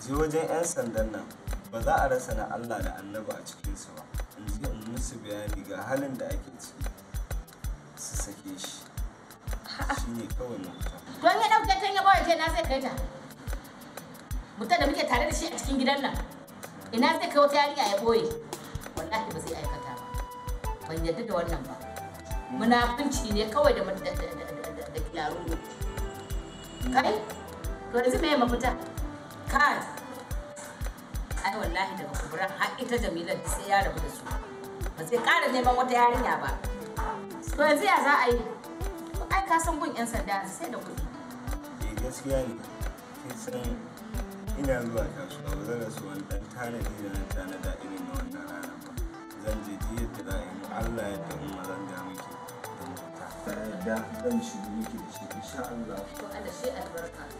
je wajen 'yan sandan nan ba za a rasa na Allah da Annaba a cikinsu ba in ji in musu bayani ga halin da ake ciki su sake shi shi ne kawai mafita don ya ɗauke can ya bawa na sai kaita mutum da muke tare da shi a cikin gidan nan ina sai kai wata yarinya ya ɓoye wallahi ba zai aikata ba ban yarda da wannan ba munafunci ne kawai da da da da da kai to yanzu me mafita kai ai wallahi daga kuburan har ita jamila sai ya rabu da su ba zai ƙara neman wata yarinya ba to yanzu ya za a yi ai ka san gun yan sanda sai da kuɗi eh gaskiya ne kin san ina zuwa kasuwa ba zan rasu wani dan tanadi da na tanada irin na wannan rana ba zan je ji yadda za a yi Allah ya da umma zan ga miki da mota da zan shigo miki da shi insha Allah to Allah shi albarka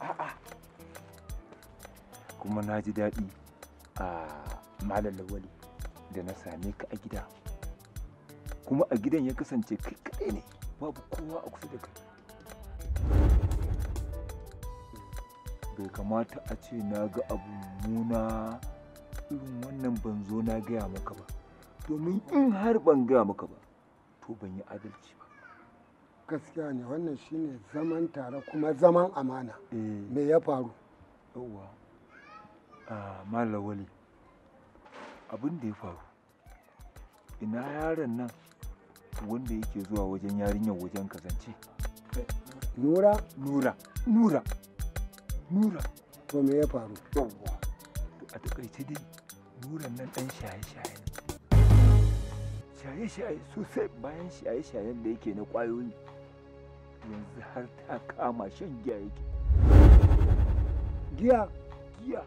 A'a. Kuma na ji daɗi a malam lawali da na same ka a gida. Kuma a gidan ya kasance kai kaɗai ne babu kowa a kusa da kai. Bai kamata a ce na ga abu muna irin wannan banzo na gaya maka ba. domin in har ban gaya maka ba to ban yi adalci ba gaskiya ne wannan shine zaman tare kuma zaman amana eh. me ya faru yauwa a malawali abin da ya faru ina yaron nan wanda yake zuwa wajen yarinyar wajen kazance nura nura nura nura to me ya faru yauwa a takaice dai nuran nan dan shaye-shaye ne shaye-shaye sosai bayan shaye-shayen da yake na kwayoyi yanzu har ta kama shan giya yake giya giya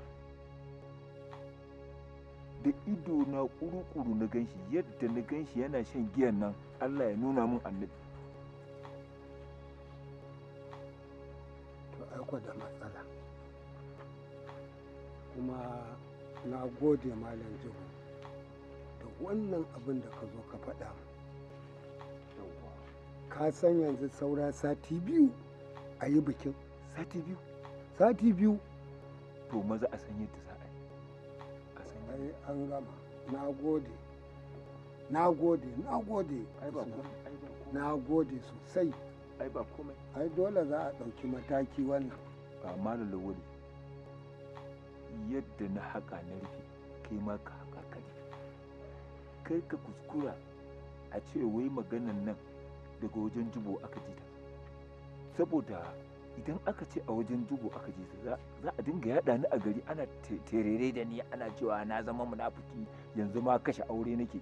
da ido na kuru-kuru na ganshi yadda na ganshi yana shan giyan nan allah ya nuna mun annabi to aiko da matsala kuma na gode malam jibo wannan abin da ka zo ka faɗa ka san yanzu saura sati biyu a yi bikin sati biyu sati biyu to maza a san yadda za a yi an gama na gode na gode na gode na gode sosai ai ba komai ai dole za a ɗauki mataki wannan ba malam lawali yadda na haƙa na rufe kai ma ka kai ka kuskura a ce wai maganan nan daga wajen jubo aka ji ta saboda idan aka ce a wajen jubo aka ji ta za a dinga yada ni a gari ana terere da ni ana cewa na zama munafuki yanzu ma kashe aure nake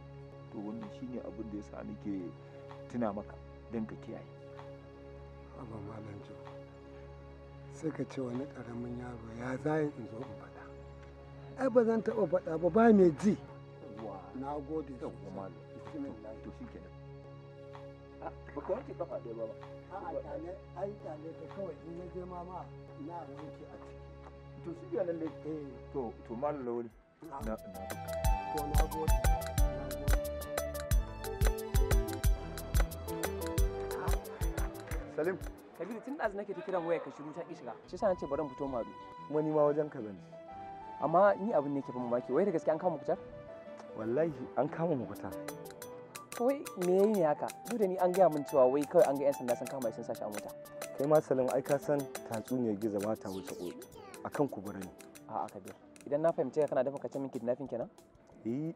to wannan shine abin da yasa nake tuna maka don ka kiyaye amma malam sai ka ce wani karamin yaro ya zai in zo in faɗa ai ba zan taɓa faɗa ba ba mai ji na gode da kuma to ah, a ai kawai in na je malam Salim. Kabiru tun ɗazu nake ta kiran waya ka shiru ta ƙi shiga. Shi ce fito ma wajen ka Amma ni abin ne ke ban mamaki. Wai da gaske an kama kucar? wallahi an kama mukuta wai me yayi ne haka duk da ni an gaya min cewa wai kawai an ga yan sanda sun kama sun sashi a mota kai ma salim ai ka san tatsuniyar giza ba ta wuce ko akan kubura ne a'a kabir idan na fahimce ka kana dafa kace min kidnapping kenan eh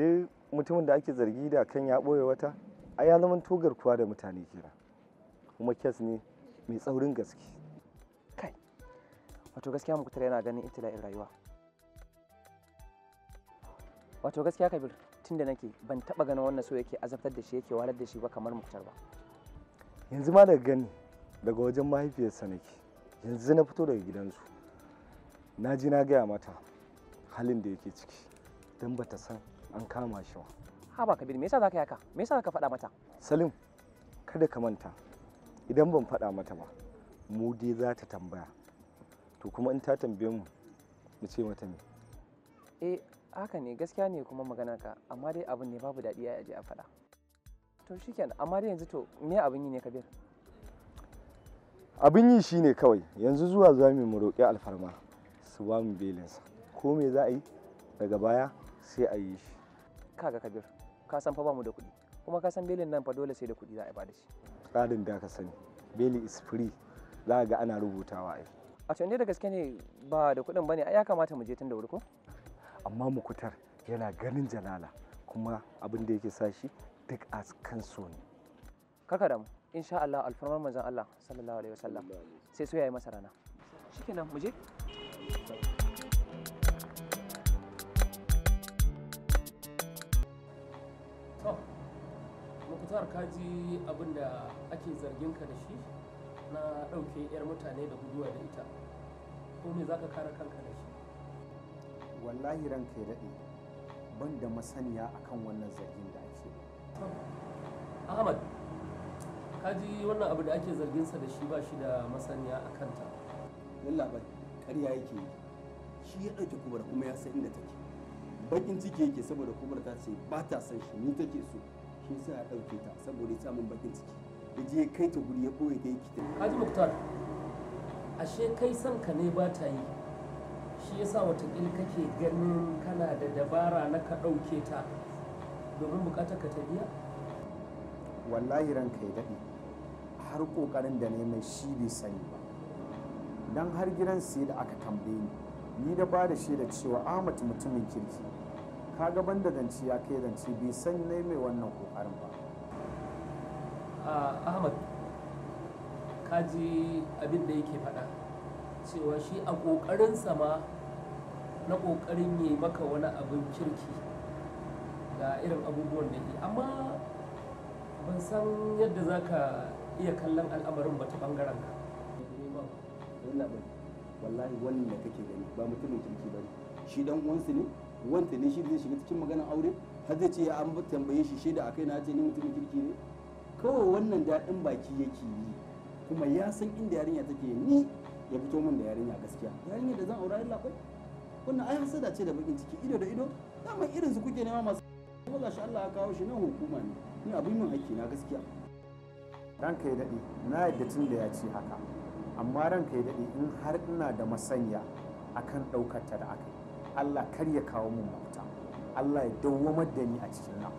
duk mutumin da ake zargi da kan ya boye wata ai ya zama togar kuwa da mutane kira kuma kes ne mai tsaurin gaske kai wato gaskiya mu yana ganin ibtila'in rayuwa wato gaskiya kabir tun da nake ban taba ganin wannan so yake azabtar da shi yake walar da shi ba kamar muktar ba yanzu ma daga gani daga wajen mahaifiyarsa nake yanzu na fito daga gidansu na ji na gaya mata halin da yake ciki don bata san an kama shi ba ha ba kabir me yasa zaka yaka me yasa zaka faɗa mata salim kada ka manta idan ban faɗa mata ba mu dai za ta tambaya to kuma in ta tambaye mu mu ce mata me eh haka ne gaskiya ne kuma magana ka amma dai abin ne babu daɗi a je a faɗa to shikenan amma dai yanzu to me abin yi ne kabir abin yi shine kawai yanzu zuwa za mu roƙi alfarma su ba mu belinsa ko me za a yi daga baya sai a yi shi kaga kabir ka san fa ba mu da kuɗi kuma ka san belin nan fa dole sai da kuɗi za a bada shi tsarin da ka sani beli is free za ga ana rubutawa ai a to ne da gaske ne ba da kuɗin bane ai ya kamata mu je tun da wuri ko amma mukutar yana ganin jalala kuma abin da yake sa shi duk a kan so ne kakadam insha Allah alfarmar manzon Allah sallallahu alaihi wasallam sai su yayi masa rana shikenan mu je to mukutar kaji abin da ake zargin ka da shi na ɗauke 'yar mutane da guduwa da ita ko me zaka kare kanka da shi wallahi ranka ya daɗe ban da masaniya akan wannan zargin da ake ahmad kaji wannan abu da ake zarginsa da shi ba shi da masaniya a kanta yalla bai ƙarya yake yi shi ya ɗauke kubar kuma ya san inda take bakin ciki yake saboda kubar ta ce ba ta san shi ni take so shi sa ya ɗauke ta saboda ya samun bakin ciki ya je kai ta guri ya ɓoye ta yake ta kaji muktar ashe kai san ka ne ba ta yi shi yasa watakila kake ganin kana da dabara na ka ɗauke ta domin bukatar ka ta biya wallahi ranka har ƙoƙarin da ne mai shi bai sani ba don har gidan sai da aka tambaye ni ni da ba da shaida cewa ahmad mutumin kirki kaga gaban da zance ya kai zance bai san ne mai wannan kokarin ba ah, ahmad ka ji abin da yake faɗa cewa shi a ƙoƙarinsa ma na ƙoƙarin yi maka wani abin kirki ga irin abubuwan da ke amma ban san yadda za ka iya kallon al'amarin ba ta ɓangaren ka wallahi wannan da kake gani ba mutumin kirki ba shi dan uwansu ne wanta ne shi zai shiga cikin maganar aure har zai ce an tambaye shi shaida akai na ce ni mutumin kirki ne kawai wannan daɗin baki yake yi kuma ya san inda yarinya take ni ya fito min da yarinya gaskiya yarinya da zan aura illa kai wannan ai hasada ce da bakin ciki ido da ido dama irin su kuke nema masu kuma gashi Allah ya kawo shi nan hukuma ne ni abin min aiki na gaskiya ranka ya dade na yadda tun da ya ce haka amma ranka ya dade in har ina da masanya akan daukar ta da aka Allah kar ya kawo min mafita Allah ya dawwamar da ni a cikin nan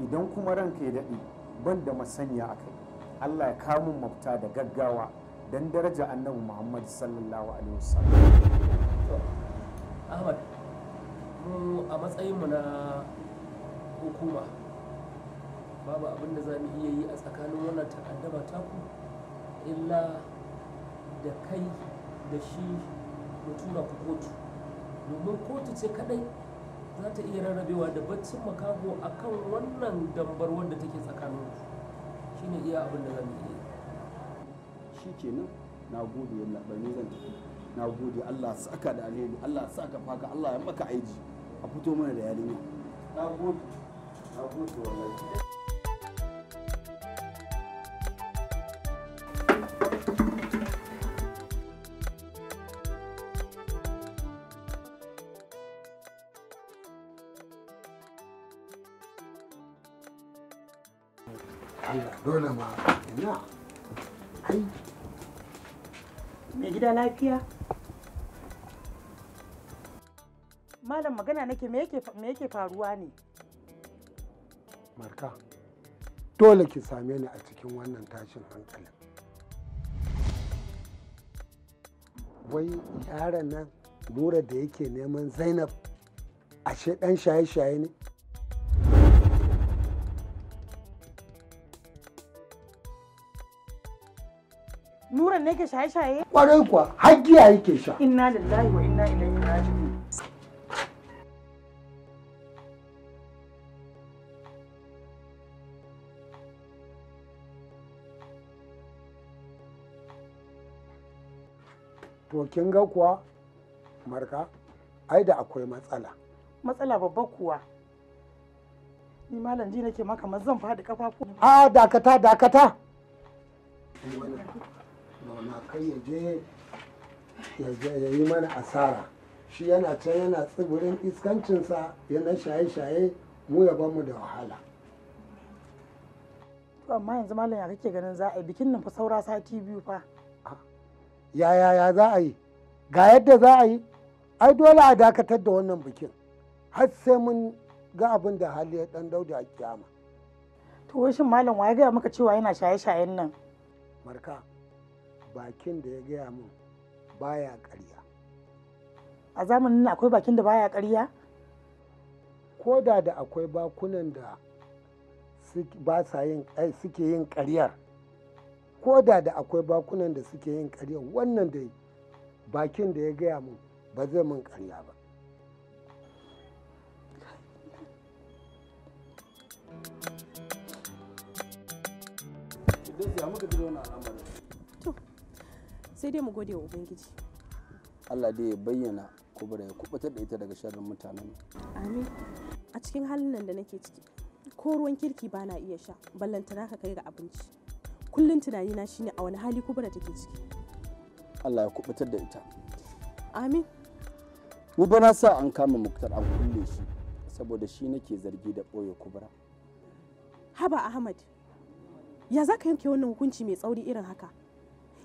idan kuma ranka ya dade ban da masanya akai Allah ya kawo min mafita da gaggawa Don daraja annabi muhammad sallallahu alaihi wasallam ahmad mu a matsayin mu na hukuma babu abin da za mu iya yi a tsakanin wannan ta'addaba ku illa da kai da shi mu tura ku kotu domin kotu ce kadai za ta iya rarrabewa da baccin makaho a kan wannan dambar wanda take tsakanin ne iya abin da za mu iya shi ke nan na gode yalla bai ni zan tafi na gode Allah saka da alheri Allah saka faka Allah ya maka aiji a fito mana da yarinya na gode na gode wallahi dole ma ina ai mai gida lafiya malam magana nake me yake faruwa ne marka dole ki same ni a cikin wannan tashin hankalin wai yaran nan nura da yake neman zainab ashe dan shaye-shaye ne ne yake shaye-shaye? Kwarai kuwa, har giya yake sha. Inna lillahi wa inna ilaihi raji'un. To kin ga kuwa marka ai da akwai matsala. Matsala babba kuwa. Ni malam ji nake maka mazan faɗi kafafu. A dakata dakata. ƙauna kai ya je ya yi mana asara shi yana can yana tsibirin iskancinsa yana shaye-shaye mu ya da wahala amma yanzu malam ya kake ganin za a yi bikin nan fa saura sati biyu fa ah, ya za a yi ga yadda za a yi ai dole a dakatar da wannan bikin har sai mun ga abin da hali ya dan dauda a kiyama to shin malam waye gaya maka cewa yana shaye-shayen nan marka bakin da ya gaya min baya ƙarya a zamanin nan akwai bakin da baya ƙarya ko da da akwai bakunan da ba sa yin suke yin ƙaryar ko da da akwai bakunan da suke yin ƙaryar wannan dai bakin da ya gaya min ba zai min ƙarya ba duk ya muka ji wani al'amarin sai dai mu gode wa ubangiji Allah dai ya bayyana kubura ya kubutar da ita daga sharrin mutanen amin a cikin halin nan da nake ciki ko ruwan kirki bana iya sha ballantana ka kai ga abinci kullum tunanina shine a wani hali kubura take ciki Allah ya kubutar da ita amin ni ba sa an kama muktar an kulle shi saboda shi nake zargi da ɓoye kubura haba ahmad ya zaka yanke wannan hukunci mai tsauri irin haka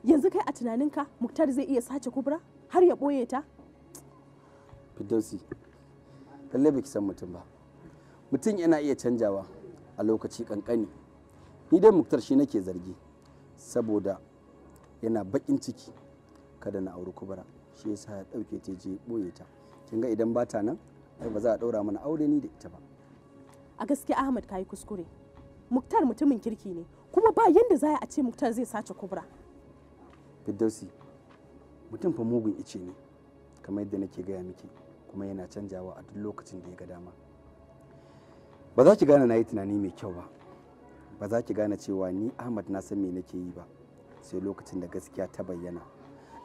yanzu kai a tunaninka muktar zai iya sace kubra har ya ɓoye ta Fidosi, lallai baki san mutum ba mutum yana iya canjawa a lokaci kankani ni dai muktar shi nake zargi saboda yana bakin ciki kada na auri kubra shi yasa ya ɗauke ta je ɓoye ta kin ga idan ba ta nan ai ba za a ɗaura mana aure ni da ita ba a gaske ahmad kayi kuskure muktar mutumin kirki ne kuma ba yanda za a ce muktar zai sace kubra Firdausi mutum fa mugun ice ne kamar yadda nake gaya miki kuma yana canjawa a duk lokacin da ya ga dama. Ba za ki gane na yi tunani mai kyau ba, ba za ki gane cewa ni Ahmad na san me nake yi ba sai lokacin da gaskiya ta bayyana.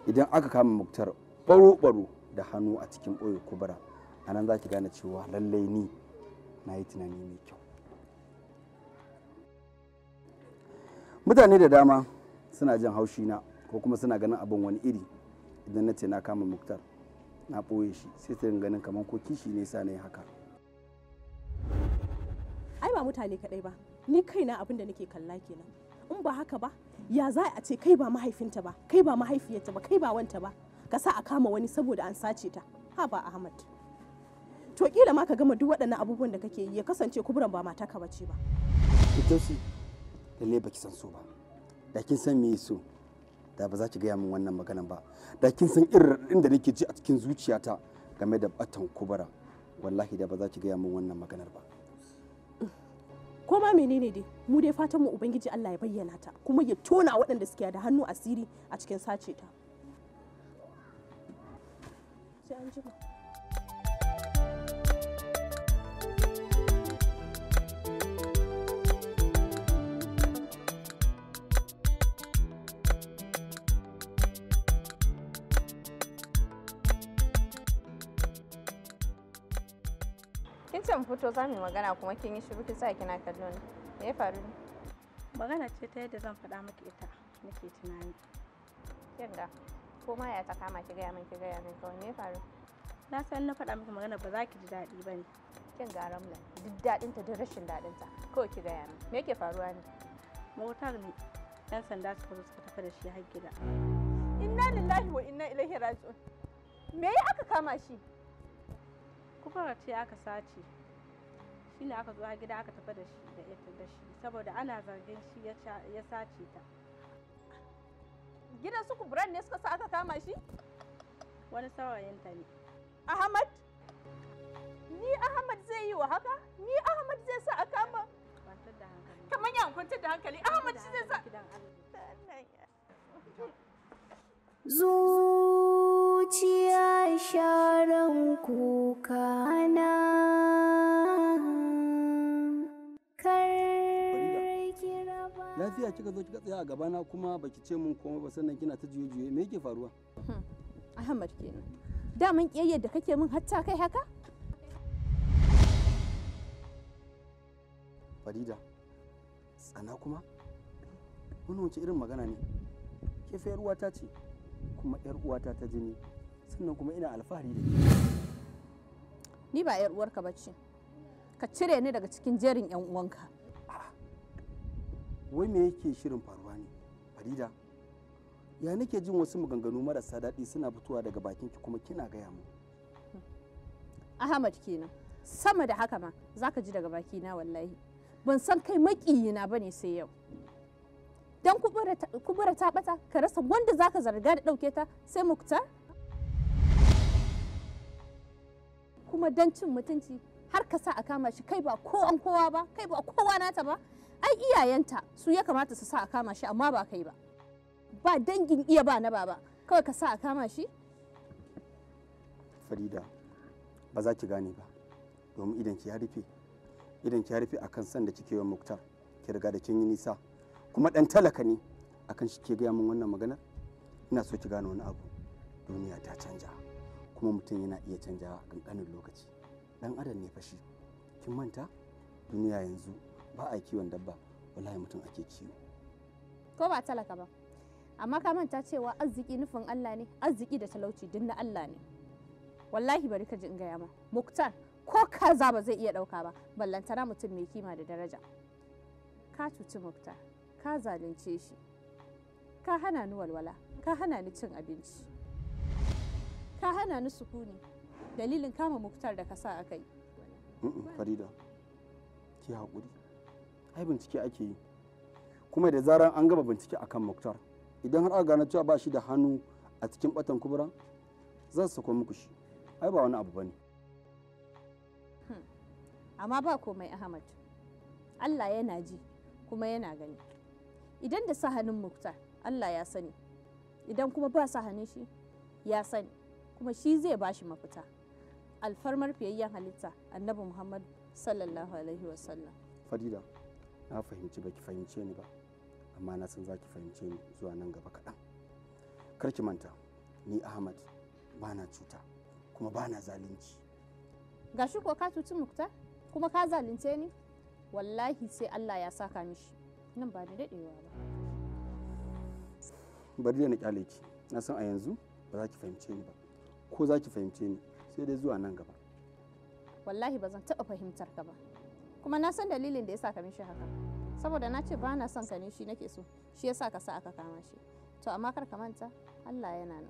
Idan aka kama muktar baro-baro da hannu a cikin ɓoye kubara a nan za ki gane cewa lallai ni na yi tunani mai kyau. Mutane da dama suna jin haushi na ko kuma suna ganin abin wani iri idan na ce na kama muktar na ɓoye shi sai su ganin kamar ko kishi ne sa yi haka ai ba mutane kaɗai ba ni kaina abin da nake kalla kenan in ba haka ba ya za a ce kai ba mahaifinta ba kai ba mahaifiyarta ba kai ba wanta ba ka sa a kama wani saboda an sace ta ha ba ahmad to kila ma ka gama duk waɗannan abubuwan da kake yi ya kasance kuburan ba mata ka bace ba ita su ne baki san so ba da san me so da ba za ki gaya min wannan maganan ba da kin san irin da nake ji a cikin zuciyata game da batan kubara wallahi da ba za ki gaya min wannan maganar ba ko ma menene dai mu dai fatan mu ubangiji Allah ya bayyana ta kuma ya tona waɗanda suke da hannu asiri a cikin sace ta sai an mu fito za mu magana kuma kin yi shiru sa kina kallon me ya faru ne magana ce ta yadda zan faɗa miki ita nake tunani yadda ko ma ya ta kama ki gaya min ki gaya min kawai me ya faru na san na faɗa miki magana ba za ki ji daɗi ba ne kin ga ramla duk daɗin ta da rashin daɗin ta kawai ki gaya min me yake faruwa ne motar ne ɗan sanda suka zo suka tafi da shi har gida inna lillahi wa inna ilaihi raji'un me ya aka kama shi Kuka ce aka sace shine aka zo har gida aka tafi da shi da ita da shi saboda ana zargin shi ya sace ta gidan su kuburan ne suka sa aka kama shi wani saurayin ta ne ahmad ni ahmad zai yi wa haka ni ahmad zai sa a kama kamar ya kwantar da hankali ahmad shi zai sa zuciya sharan kuka kukana lafiya kika zo kika tsaya a gabana kuma baki ce mun komai ba sannan kina ta juye-juye me yake faruwa hmm, ahmad kenan da mun kiyayyar da kake mun hatta kai haka farida tsana kuma wannan wace irin magana ne ke fayar ta ce kuma yar uwata ta jini sannan kuma ina alfahari da ni ba yar uwarka bace ka cire ni daga cikin jerin yan uwanka wai me yake shirin faruwa ne farida ya nake jin wasu maganganu marasa daɗi suna fitowa daga bakin ki kuma kina gaya mu ahmad kenan sama da haka ma zaka ji daga baki na wallahi ban san kai maƙiyina bane sai yau don kubura ta bata ka rasa wanda zaka zarga da ɗauke ta sai mukta. kuma don cin mutunci har ka sa a kama shi kai ba kowan kowa ba kai ba kowa nata ba ai iyayenta su ya kamata su sa a kama shi amma ba kai ba ba dangin iya ba na baba kawai ka sa a kama shi farida ba za ki gane ba domin idan ki ya rufe idan ki ya rufe akan san da kike wa muktar ki riga da kin yi nisa kuma dan talaka ne akan shi ke gaya min wannan maganar ina so ki gane wani abu duniya ta canja kuma mutum yana iya canjawa a kankanin lokaci dan adam ne fashi kin manta duniya yanzu ba a kiwon dabba wallahi mutum ake kiwo ko ba talaka ba amma ka manta cewa arziki nufin Allah ne arziki da talauci duk na Allah ne wallahi bari ka ji in gaya ma muktar ko kaza ba zai iya ɗauka ba ballantana mutum mai kima da daraja ka cuci muktar ka zalunce shi ka hana ni walwala ka hana ni cin abinci ka hana ni sukuni dalilin kama muktar da ka sa aka yi farida ki haƙuri ai bincike ake yi kuma da zarar an gaba bincike akan muktar idan har aka gano cewa ba shi da hannu a cikin batan kubura zan sako muku shi ai ba wani abu bane hmm. amma ba komai ahmad allah yana ji kuma yana gani idan da sa hannun muktar Allah ya sani idan kuma ba sa hannun shi ya sani kuma shi zai ba shi mafita alfarmar fiyayyen halitta annabi muhammad sallallahu alaihi wasallam farida na fahimci baki fahimce ni ba amma na san zaki fahimce ni zuwa nan gaba kaɗan karki manta ni ahmad ba na cuta kuma ba na zalunci gashi ko ka cuci muktar kuma ka zalunce ni wallahi sai allah ya saka mishi nan ba da daɗewa ba bari da na kyale ki na san a yanzu ba za ki fahimce ni ba ko za ki fahimce ni sai dai zuwa nan gaba wallahi ba zan taɓa fahimtar ka ba kuma na san dalilin da ya sa ka mishi haka saboda na ce ba na son ka ne shi nake so shi ya sa ka sa aka kama shi to amma kar ka manta Allah yana nan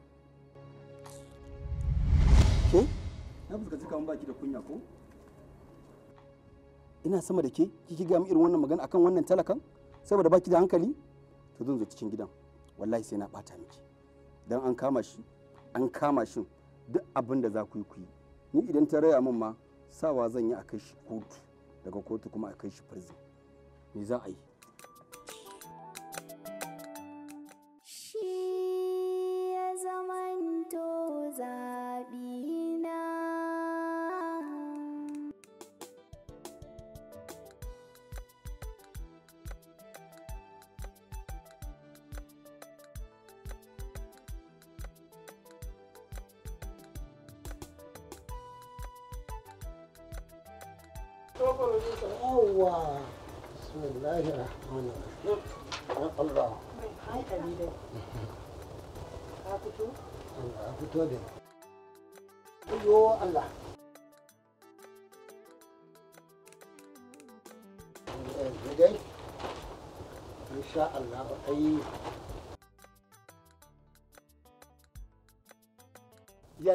ke na fuskanci ba baki da kunya ko ina sama da ke kiki ga irin wannan magana akan wannan talakan saboda baki da hankali to zan zo cikin gidan wallahi sai na bata miki dan an kama shi an kama shin duk abin da za ku yi ku yi ni idan ta raya min ma sawa zan yi a kai shi kotu daga kotu kuma a kai shi prison me za a yi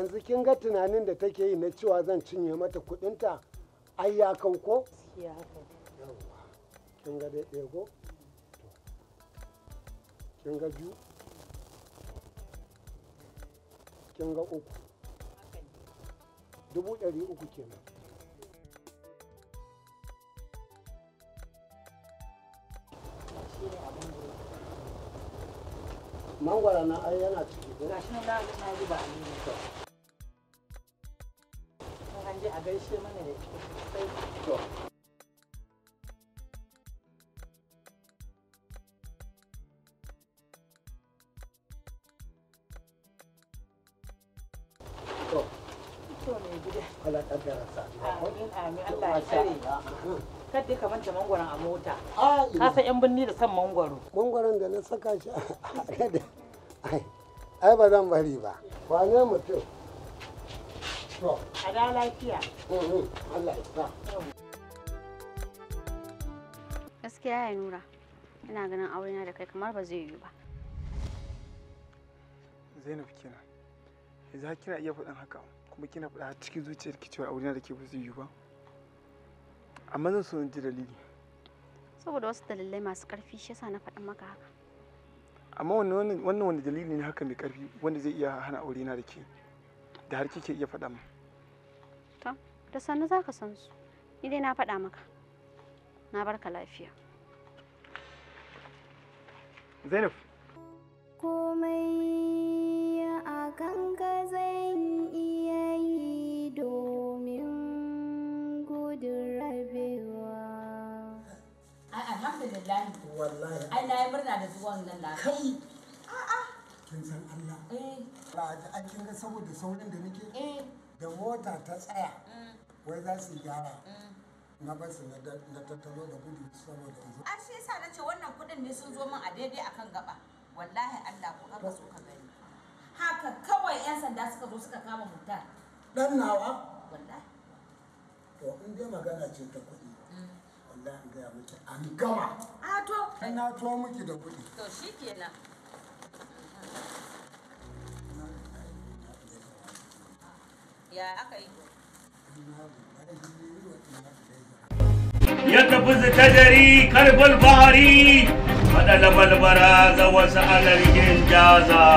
yanzu kin ga tunanin da take yi na cewa zan cinye mata kudinta ai ya kau ko? Ya Kin ga dai ɗaya ko? Kin ga biyu? Kin ga uku? Dubu ɗari uku kenan. Mangwara na ai yana ciki. Gashi na na zuba a gaishe mana da kadda ka manta mangwaron a mota ka san yan birni da san mangwaro mangwaron da na saka shi a kada ai ba zan bari ba wane mutum a lafiya mm, mm. Allah ya gaskiya ya nura ina ganin aurena da kai kamar ba zai yiwu ba zainab kenan za kina iya faɗin haka kuma kina faɗa a cikin zuciyar ki cewa aurena da ke ba zai yiwu ba amma zan so in ji dalili saboda wasu dalilai masu ƙarfi shi yasa na faɗin maka haka amma wannan wani dalili ne haka mai ƙarfi wanda zai iya hana aurena da ke da har kike iya faɗa mu. da sannu za ka san su ni dai na faɗa maka na barka lafiya zainab komai a ganga zan iya yi domin gudun rabewa ai alhamdulillah wallahi ai na yi murna da zuwan nan a'a kin san Allah eh ba an kin ga saboda saurin da nake eh. da mota ta tsaya mm. wai za su gyara na ba su na tattalo da gudu saboda yanzu a shi yasa na ce wannan kudin ne sun zo min a daidai akan gaba wallahi Allah ko ka so ka gani haka kawai yan sanda suka zo suka kama mutar dan nawa wallahi to in dai magana ce ta kuɗi wallahi ga miki an gama a to na to miki da kudi. to shikenan ya aka yi يقفز تجري كرب البحر فدلب البراز وسأل الإنجازا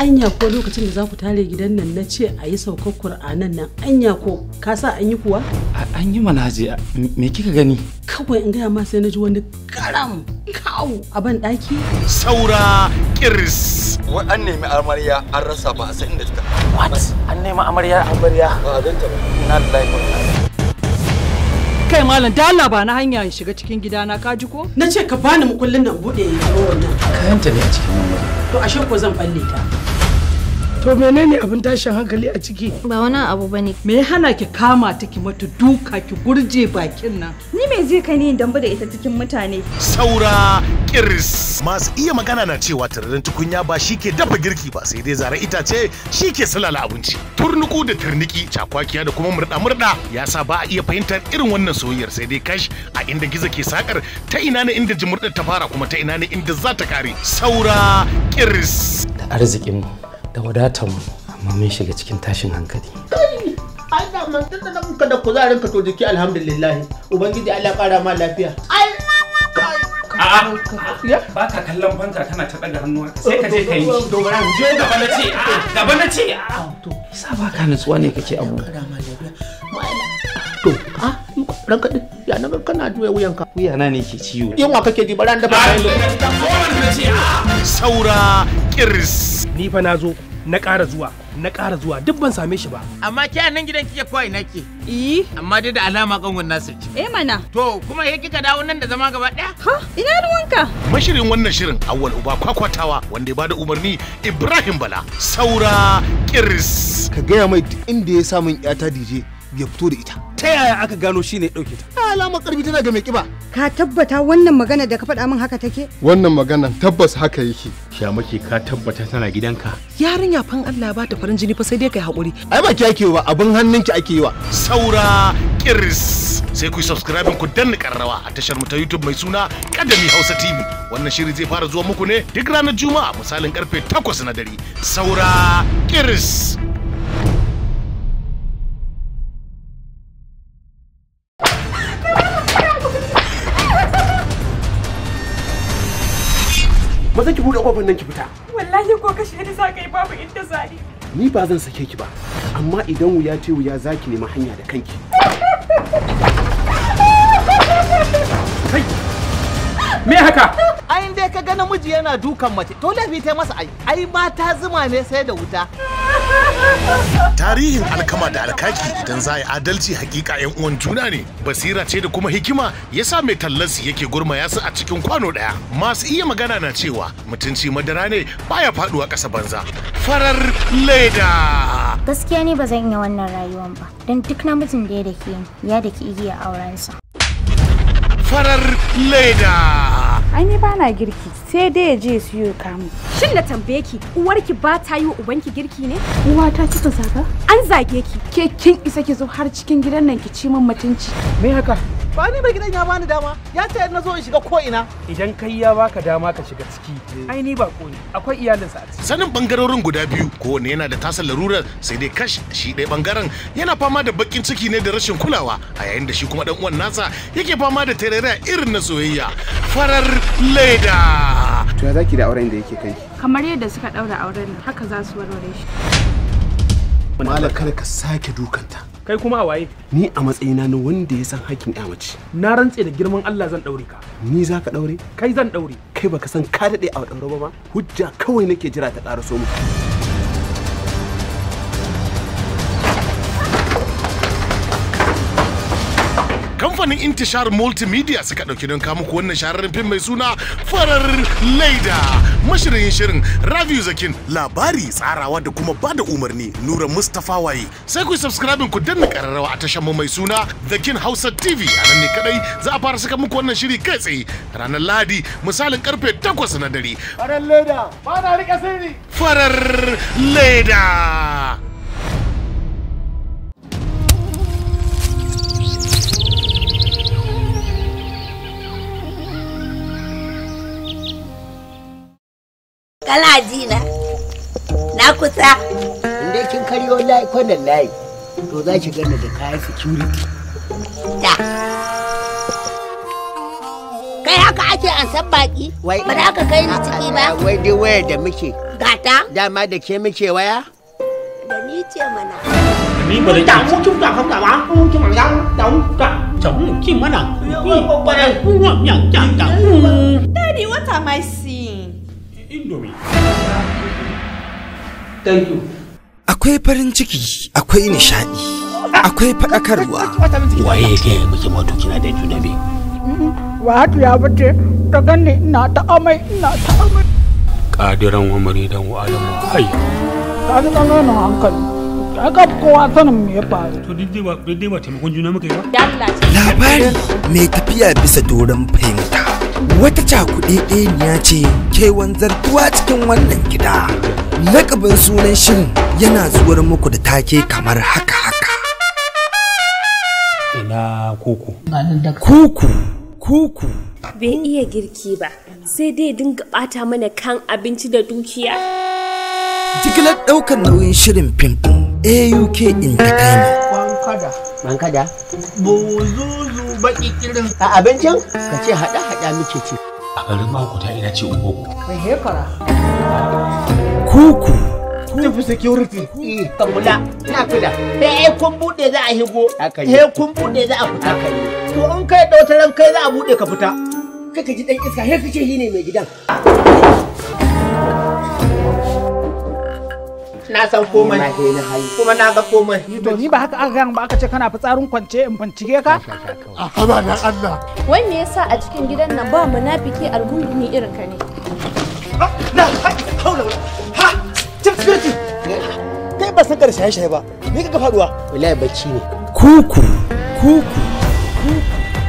anya ko lokacin da za ku tare gidan nan na ce a yi saukar kur'anan nan anya ko ka sa an yi kuwa? an yi manaje me kika gani? kawai in gaya ma sai na ji wani karam kawo a ban daki. saura kiris an nemi amarya an rasa ba a san inda ta what ne nema amarya amarya na ganta ba kai malam da Allah ba na hanya in shiga cikin gidana ka ji ko na ce ka bani mukullin da nan bude ya wannan kayanta ne a cikin wannan to ashe ko zan balle ta To menene abin tashin hankali a ciki? Ba wani abu ba ne. Me ya hana ki kama ta ki mata duka ki gurje bakin nan? Ni me zai kai ni damba da ita cikin mutane? Saura kiris. Masu iya magana na cewa tararin tukunya ba shi ke dafa girki ba sai dai zara itace shi ke sulala abinci. Turnuku da turniki, cakwakiya da kuma murɗa-murɗa ya sa ba a iya fahimtar irin wannan soyayyar sai dai kash a inda gizo ke sakar ta ina ne inda jimurɗar ta fara kuma ta ina ne inda za ta kare. Saura kiris. Da arzikin mu. da wadatar mu amma mun shiga cikin tashin hankali ai da man tattala muka da kuzarin ka to jiki alhamdulillah ubangiji Allah ƙara ma lafiya ba ka kallon banka kana ta daga hannuwa sai ka je ka yi dogara je gaba na ce gaba na ce to sa ba ka nutsuwa ne kake abu to ah ranka din ya na kana juya wuyanka wuya na ne ke ciwo yunwa kake ji bara da ba saura kirs ni fa na zo na ƙara zuwa na ƙara zuwa duk ban same shi ba amma ke nan gidan kike kawai nake eh amma dai da alama kangon nasir ce eh mana to kuma he kika dawo nan da zama gaba daya ha ina ruwanka mashirin wannan shirin awwal uba kwakwatawa wanda ya bada umarni Ibrahim Bala saura kirs ka gaya mai inda ya samun yata DJ ya fito da ita ta yaya aka gano shi ne ɗauke ta alama karfi tana ga mai kiba ka tabbata wannan magana da ka faɗa min haka take wannan magana tabbas haka yake shamake ka tabbata tana gidanka yarinya fan Allah ba ta farin jini fa sai dai kai hakuri ai ba ki ake yi ba abin hannunki ake yi wa saura kiris sai ku subscribe ku danna karrawa a tashar mu ta YouTube mai suna Kadami Hausa TV wannan shiri zai fara zuwa muku ne duk ranar Juma'a misalin karfe 8 na dare saura kiris maza ki buɗe kofar nan ki fita wallahi ko kashe ni za ka babu inda zari ni ba zan sake ki ba amma idan wuya ce wuya zaki nemi hanya da kanki kai me haka ai dai ka ga miji yana dukan mace to laifi ta masa ai ai mata zuma ne sai da wuta tarihin alkama da alkaki idan za a adalci hakika yan uwan juna ne basira ce da kuma hikima yasa mai tallansu yake gurmaya su a cikin kwano ɗaya. masu iya magana na cewa mutunci madara ne baya faduwa ƙasa banza farar leda gaskiya ne ba zan iya wannan rayuwan ba don duk namijin da ya dake ya dake iya aurensa farar leda Ai ni bana girki sai dai ya je siyo kamu. Shin da tambaye ki uwarki ba ta yi wa ubanki girki ne? Uwa ta kika zaga? An zage ki. Ke kin isa ki zo har cikin gidan nan ki ci min mutunci. Me haka? ba ni mai gidan ya bani dama ya ce na zo in shiga ko ina idan kai ya baka dama ka shiga ciki ai ni ba ne akwai iyalinsa a ciki sanin bangarorin guda biyu kowanne yana da tasar larurar sai dai kash shi ɗaya bangaren yana fama da bakin ciki ne da rashin kulawa a yayin da shi kuma dan uwan nasa yake fama da tarayya irin na soyayya farar leda to ya zaki da auren da yake kai kamar yadda suka daura auren haka za su warware shi malakar ka sake dukanta kai kuma a waye ni a matsayina na wanda ya san hakkin ya mace na rantse da girman Allah zan daure ka ni za ka daure kai zan daure kai baka san ka dade a daure ba hujja kawai nake jira ta karaso kamfanin intishar multimedia suka ɗauki don kamu ku wannan shahararren fim mai suna farar laida mashirin shirin raviyu zakin labari tsarawa da kuma bada umarni nura mustapha waye sai ku subscribe ku danna kararrawa a tashar mu mai suna zakin hausa tv a nan ne kadai za a fara saka muku wannan shiri kai tsaye ranar ladi misalin karfe 8 na dare farar laida ba na sirri farar laida kala ji na na kusa inda kin karyo layi kwanan layi to za ki gani da kayan security da kai haka ake an san baki ba da haka kai ni ciki ba wai dai waya da muke gata dama da ke muke waya da ni ce mana ni ba da damu kin ka haka ba kin ma da damu ka chồng kim mana, nào, bà đây, nhà nhà nhà. Daddy, what am I seeing? indomie akwai farin ciki akwai nishadi akwai faɗakarwa waye ya gaya miki wato kina da juna biyu mm-hmm. hatu ya bace ta ganni ina ta amai ina ta amai kadiran wa maridan wa alamu hayya ta ga ɗan hankali aka kowa sanin me ya faru. To dai ba taimakon juna muka yi ba? Labari mai tafiya bisa doron fahimta. wata cakuɗeɗeniya ce ke wanzartuwa cikin wannan gida lakabin sunan shirin yana zuwar muku da take kamar haka haka ina kuku kuku kuku bai iya girki ba sai dai dinga bata mana kan abinci da dukiya jigilar ɗaukar nauyin shirin fim auk entertainment kada man kada baki kirin a abincin ka ce hada hada muke ci a garin mako ta ina ce ugo kai hekara kuku tafi security na kula sai kun bude za a higo sai kun bude za a fita kai to in kai da wata kai za a bude ka fita kai ka ji dan iska sai kace shi ne mai gidan na san komai kuma na ga komai to ni ba haka aka gan ba aka ce kana fitsarin kwance in bincike ka a haba na Allah wai me yasa a cikin gidan nan ba munafiki algunguni irin ka ne na haula ha tip security kai ba san kar shaye shaye ba me kaga faduwa wallahi bacci ne kuku kuku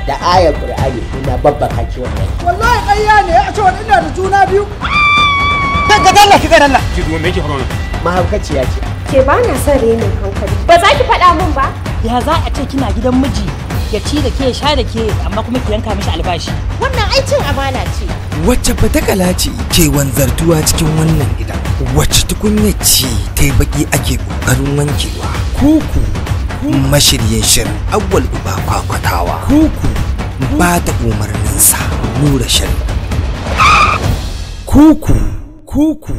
da ayar qur'ani ina babba kake wannan wallahi ƙarya ne a ce wannan ina da juna biyu kan ga dalla ki ga dalla ki duwa me ke faruwa mahaukaciya ce ke ba na son renin hankali ba za ki faɗa min ba ya za a ce kina gidan miji ya ci da ke sha da ke amma kuma ki yanka mishi albashi wannan aikin amana ce wacce fatakala ce ke wanzartuwa cikin wannan gida wacce tukunya ce ta yi baki ake ƙoƙarin wankewa kuku mashiryin shirin awwal uba kwakwatawa kuku ba ta umarninsa nura shirin kuku kuku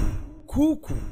kuku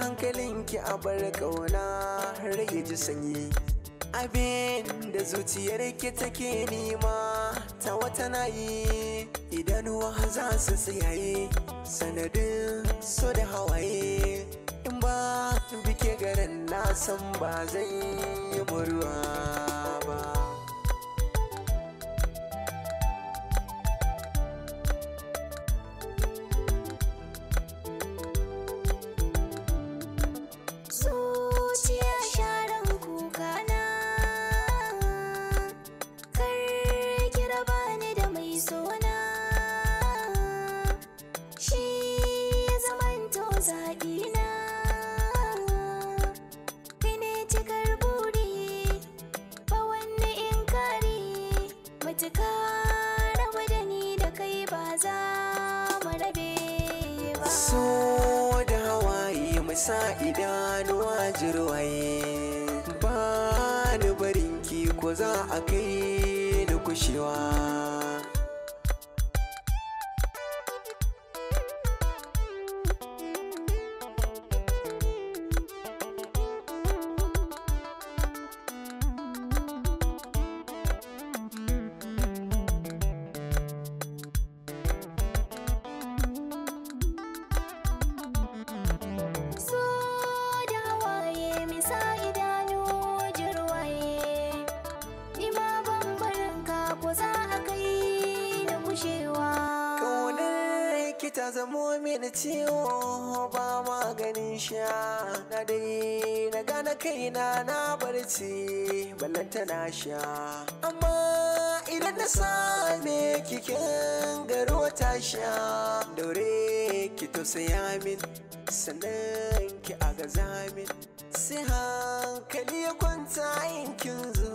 hankalinki a bar ƙauna rage ji sanyi abin da zuciyarki take nema ta wata nayi idan za su tsayaye sanadin so da hawaye in ba bike garin na san ba zan yi buruwa sa idanuwa jirwaye ba ni barinki ko za a kai ni kushewa sha amma idan na same kikin garo ta sha daure ki tausaya min sannan ki agaza min sai hankali ya kwanta in kin zo